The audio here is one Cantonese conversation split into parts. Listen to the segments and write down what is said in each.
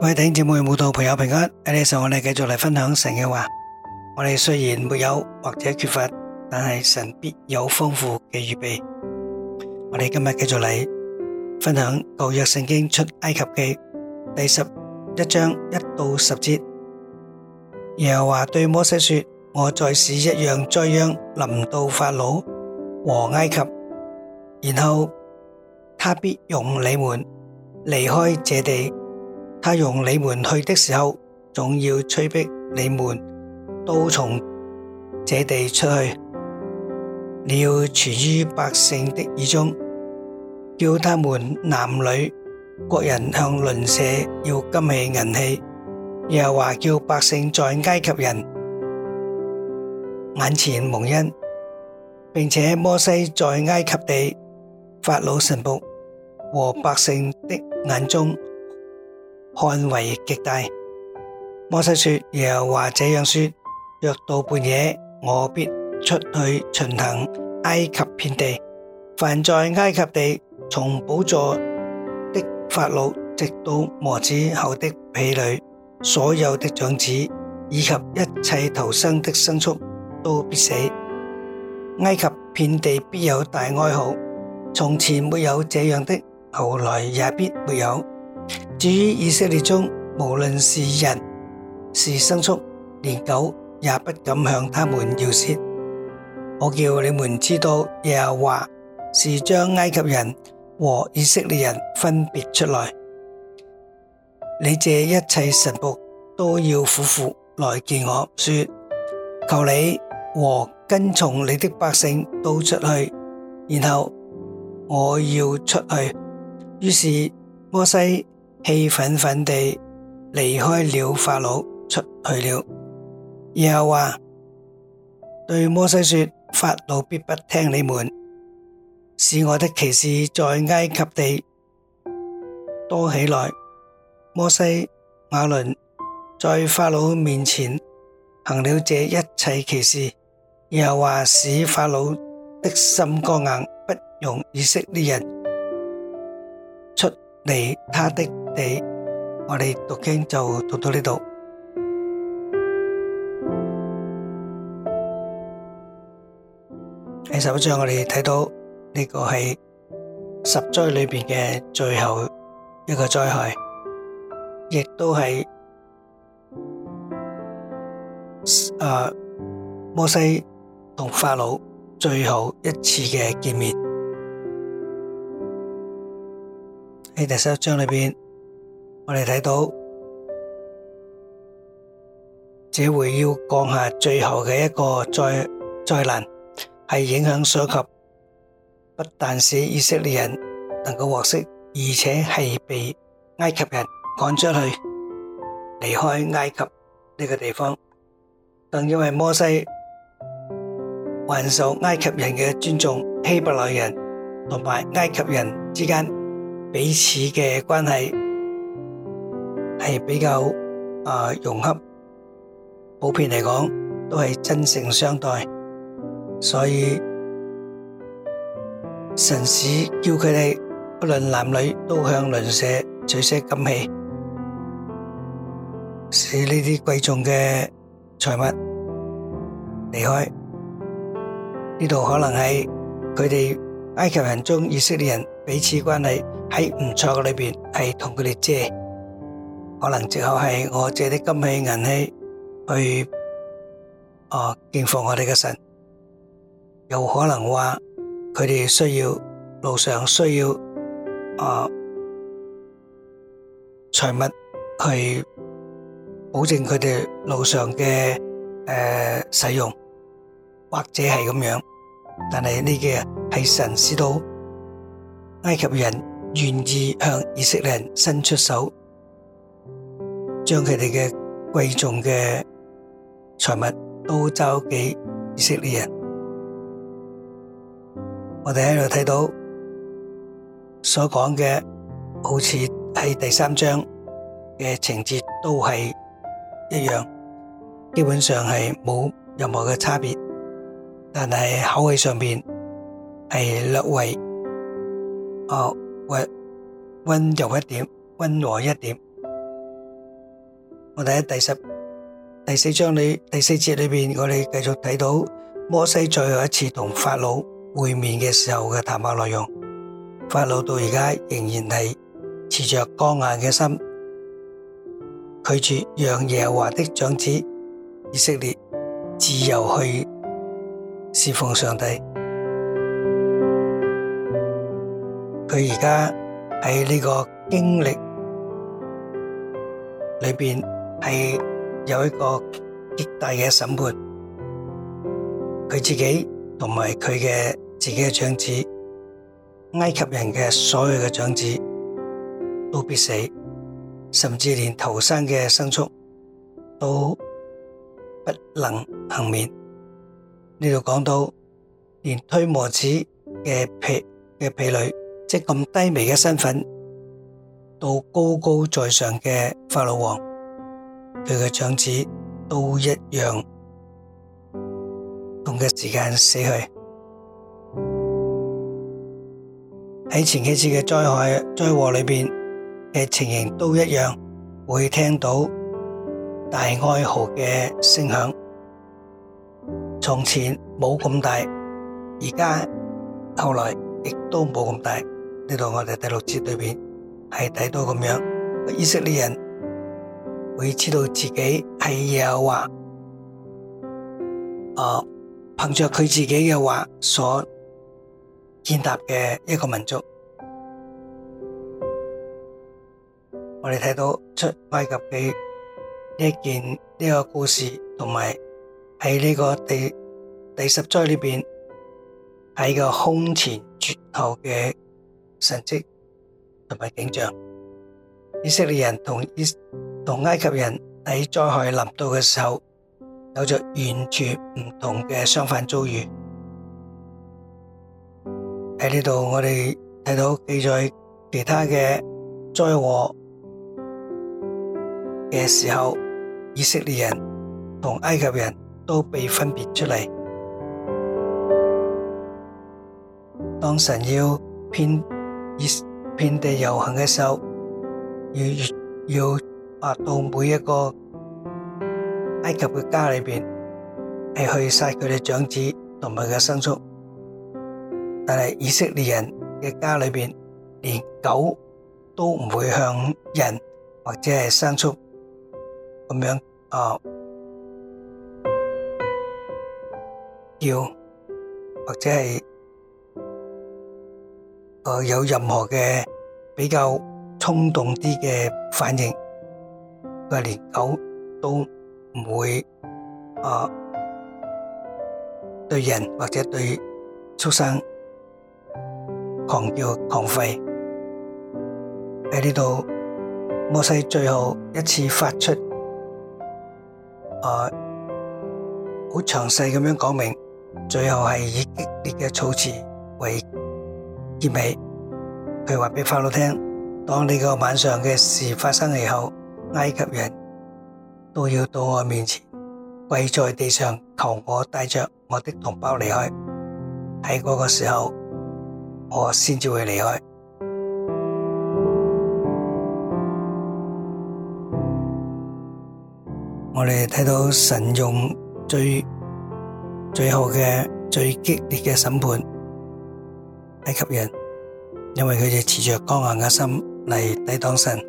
各位弟兄姐妹、慕道朋友平安，在這裏我們繼續來分享神的話。我們雖然沒有或者缺乏，但是神必有豐富的預備。我們今天繼續來分享舊約聖經出埃及記，第十一章一到十節。耶和華對摩西說，我再使一樣災殃，臨到法老，和埃及。然後，他必用你們，離開這地，他用你們去的時候，總要催逼你們，都從這地出去。你要傳於百姓的耳中，叫他們男女，各人向鄰舍要金器銀器，又話叫百姓在埃及人，眼前蒙恩，並且摩西在埃及地，法老臣僕，和百姓的眼中，看為極大。至於以色列中，無論是人，是牲畜，連狗也不敢向他們要涉。我叫你們知道，耶和華是將埃及人和以色列人分別出來。你這一切神僕，都要苦苦來見我，說。求你和跟從你的百姓都出去，然後，我要出去。於是，摩西，氣憤憤地離開了法老，出去了，然後話對摩西說：法老必不聽你們，使我的奇事在埃及地多起來。摩西、亞倫在法老面前行了這一切奇事，又話使法老的心剛硬，不容以色列人出離他的。我哋讀經就讀到呢度。喺十一章我們看，我哋睇到呢個係十災裏邊嘅最後一個災害，亦都係誒、啊、摩西同法老最後一次嘅見面。喺第十一章裏邊。我哋睇到，這回要降下最後嘅一個災災難，係影響所及，不但使以色列人能夠獲釋，而且係被埃及人趕出去，離開埃及呢個地方。更因為摩西還受埃及人嘅尊重，希伯來人同埋埃及人之間彼此嘅關係，係比較啊融洽，普遍嚟講都係真誠相待，所以神使叫佢哋不論男女都向鄰舍取些金器，使呢啲貴重嘅財物離開，呢度可能係佢哋埃及人中以色列人彼此關係喺唔錯嘅裏面，係同佢哋借。可能借口係我借啲金器銀器去啊敬奉我哋嘅神，有可能話佢哋需要路上需要啊財物去保證佢哋路上嘅誒使用，或者係咁樣。但係呢個係神使到埃及人願意向以色列人伸出手。將佢哋嘅貴重嘅財物都交俾以色列人，我哋喺度睇到所講嘅，好似係第三章嘅情節都係一樣，基本上係冇任何嘅差別，但係口氣上面係略為啊，會溫柔一點，溫和一點。我睇下第十第四章裏第四節裏面，我哋繼續睇到摩西最後一次同法老會面嘅時候嘅談話內容。法老到而家仍然係持着剛硬嘅心，拒絕讓耶和華的長子以色列自由去侍奉上帝。佢而家喺呢個經歷裏面。是有一個極大嘅審判，佢自己同埋佢嘅自己嘅長子，埃及人嘅所有嘅長子都必死，甚至連頭生嘅牲畜都不能幸免。呢度講到，連推磨子嘅婢的婢女，即咁低微嘅身份，到高高在上嘅法老王。佢嘅長子都一樣，同一時間死去。喺前幾次嘅災害災禍裏邊嘅情形都一樣，會聽到大哀號嘅聲響。從前冇咁大，而家後來亦都冇咁大。呢度我哋第六節裏邊係睇到咁樣，以色列人，會知道自己係耶和華，誒，憑着佢自己嘅話所建立嘅一個民族，我哋睇到出埃及記呢件呢個故事，同埋喺呢個第第十災裏邊喺個空前絕後嘅神蹟同埋景象，以色列人同伊。同埃及人喺災害臨到嘅時候，有着完全唔同嘅相反遭遇。喺呢度，我哋睇到記載其他嘅災禍嘅時候，以色列人同埃及人都被分別出嚟。當神要遍遍地遊行嘅時候，要要。發到每一個埃及嘅家裏面，係去殺佢哋長子同埋佢嘅牲畜，但係以色列人嘅家裏面，連狗都唔會向人或者係牲畜咁樣啊叫，或者係誒有任何嘅比較衝動啲嘅反應。佢連狗都唔會啊，對人或者對畜生狂叫狂吠。喺呢度，摩西最後一次發出啊，好詳細咁樣講明，最後係以激烈嘅措辭為結尾。佢話俾法老聽：當呢個晚上嘅事發生以後。埃及人都要到我面前跪在地上求我帶着我的同胞離開。喺嗰個時候，我先至會離開。我哋睇到神用最、最後嘅最激烈嘅審判埃及人，因為佢哋持着剛硬嘅心嚟抵擋神。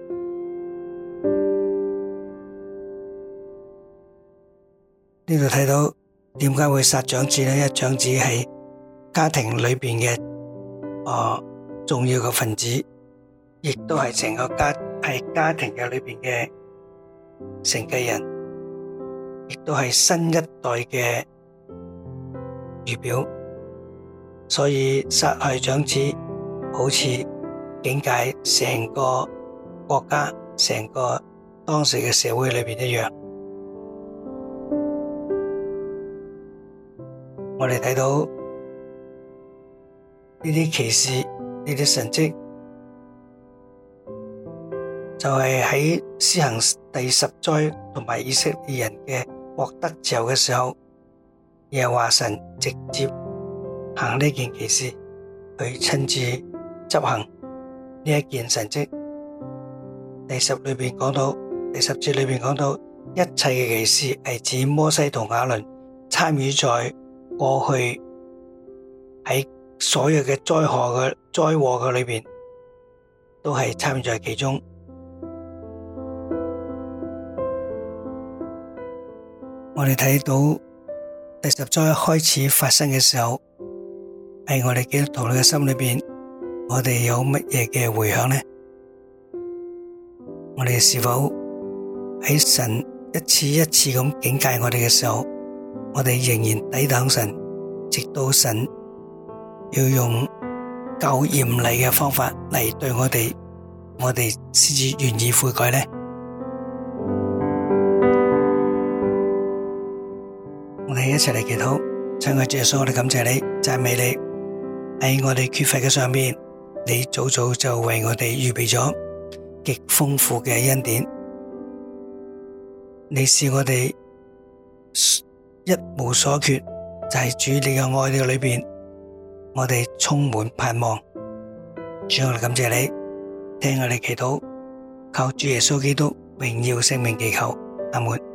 呢度睇到點解會殺長子呢？因為長子係家庭裏面嘅、呃、重要嘅分子，亦都係整成個家，家庭嘅裏面嘅承繼人，亦都係新一代嘅預表。所以殺害長子，好似警戒成個國家、成個當時嘅社會裏面一樣。我睇到呢啲奇事，呢啲神蹟，就係、是、喺施行第十災同埋以色列人嘅獲得自由嘅時候，耶和華神直接行呢件奇事，佢親自執行呢一件神蹟。第十裏面講到，第十節裏邊講到，一切嘅奇事係指摩西同亞倫參與在。過去喺所有嘅災禍嘅災禍嘅裏邊，都係參與其中。我哋睇到第十災開始發生嘅時候，喺我哋基督徒嘅心裏邊，我哋有乜嘢嘅回響呢？我哋是否喺神一次一次咁警戒我哋嘅時候？我哋仍然抵擋神，直到神要用夠嚴厲嘅方法嚟對我哋，我哋先至願意悔改呢？ 我哋一齊嚟祈禱，親愛嘅耶穌，我哋感謝你讚美你喺我哋缺乏嘅上面，你早早就為我哋預備咗極豐富嘅恩典。你是我哋。一無所缺，就係主你嘅愛嘅裏面，我哋充滿盼望。主我哋感謝你，聽我哋祈禱，靠主耶穌基督榮耀聖名祈求，阿門。